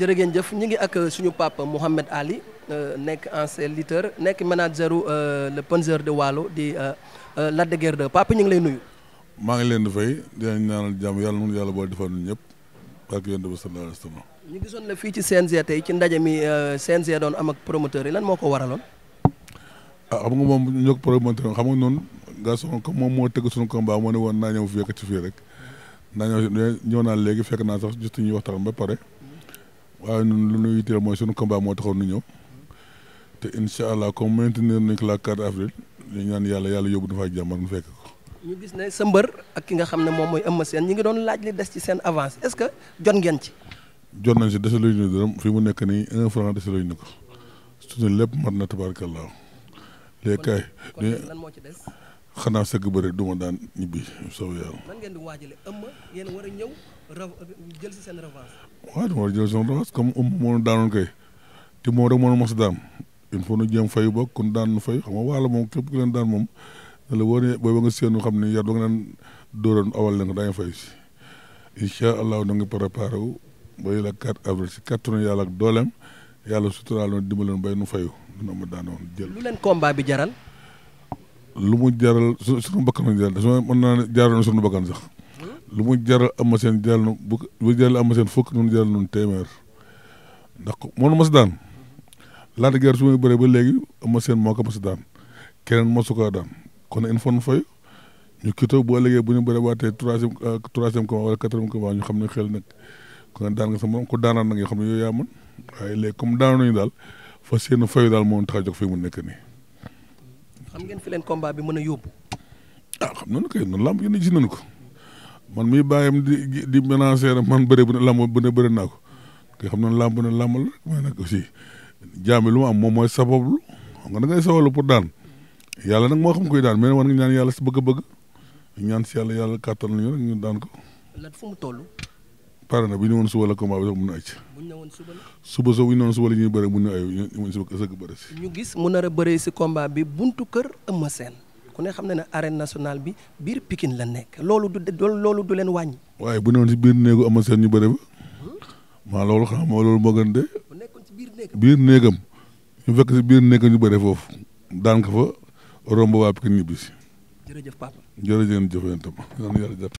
jërë ngeen jëf ñu ngi ak euh, suñu papa Mouhamed Ali euh, nekk ancien lutteur nekk manageru euh, le Panzer de Waalo di Lac de Guiers papa ñu ngi lay nuyu. maa ngi leen di fay di boo defal ñun ñëpp ak yéen di sallallahu alayhi wasallam. ñu gisoon fii ci CNG tey ci ndaje mi CNG doon am ak promoteur yi lan moo ko waraloon. ah xam nga moom ñoog promoteur xam nga noonu moom moo tëgg suñu combat moo ne woon naa ñëw fekk ci fii naa ñëw ñëw naa léegi fekk naa sax juste ñuy waxtaan ba pare. waaye ñun lu ñu itteel mooy sunu combat moo taxoon nu ñëw te incha allah comme maintenir nañ ko la 4 avril ñu ñaan yàlla yàlla yóbbu dafa ak jàmm ñu fekk ko. ñu gis ne sa mbër ak ki nga xam ne moom mooy Eumeu Sène ñi ngi doon laaj li des ci seen avance est-ce que jot ngeen ci. jot nañ si desaluñ ñu dërëm fii mu nekk nii un franc desaluñ ñu ko suñu lépp mat na tabaarkalla léegi kay. kon lan moo ci des. xanaa sëgg bëre du ma daan ñibbi soow yàlla. nan ngeen war a jël si seen revanche. waaw dama war a jël seen revanche comme ëmb moo daanoon kay te moom rek moo mos daan il faut nu jéem fayu ba kun daan nu fay xam nga waala moom képp ku leen daan moom la wóor ne ba nga séenu xam ne yar ba nga naan dóoroon awal leen ko daañu fay si. incha allah na nga préparé wu ba yële yàlla ak dooleem yàlla suturaaloon dimbaloon bay nu fayu dina ma daanoon jël. lu mu jaral su suñu bakkan lañ jaral su mën naa ne jaral na suñu bakkan sax lu mu jaral am ma seen jaral nu bu bu jaral am ma seen fukk nun jaral nun téeméer ndax moonu mas daan laata guerre su muy bëree ba léegi am ma seen moo ko mas daan keneen mosu ko daan kon il faut nu fay ñu kitoo bu ëllëgee bu ñu bëree waatee troisième euh, troisième combat wala quatrième combat ñu xam ne xel nag kon daan nga sa moom ko nag yoo xam ne yooyu yaa mën waaye léegi comme daanoon nañu daal fa seen fayu daal moo tax a jóg fii nekk nii xam ngeen fi leen bi mën a yóbbu. ah xam nañu kay noonu làmb yéen gis nañu ko man miy bàyyam di di menacer man bëre bu ne làmb bu ne bëre naa ko kay xam nañu làmb bu ne làmb la mais nag aussi lu am moom mooy sabablu xam nga da ngay sabablu pour daan yàlla nag moo xam koy daan mais war nga ñaan yàlla si bëgg-bëgg ñaan si yàlla yàlla kàttan nañu rek ñu daan ko. pare na bu ñu woon suba la combat bi sax mun na acc suba soo bu ñu woon suba la ñuy bëre mun na ay ñu suba sëgg bëre si ñu gis mu nar a bëree si combat bi buntu kër Eumeu Sène ku ne xam ne ne are nationale bi biir Pikine la nekk loolu du loolu du leen wàññ waaye bu newoon si biir néegu Eumeu Sène ñu bëre ba hmm? maa loolu xam moo loolu moo gën de biir néegam ñu fekk si biir néegam ñu bëre foofu daan ko fa romb waa Pikine ñibbi si jërëjëf papa jërëjëf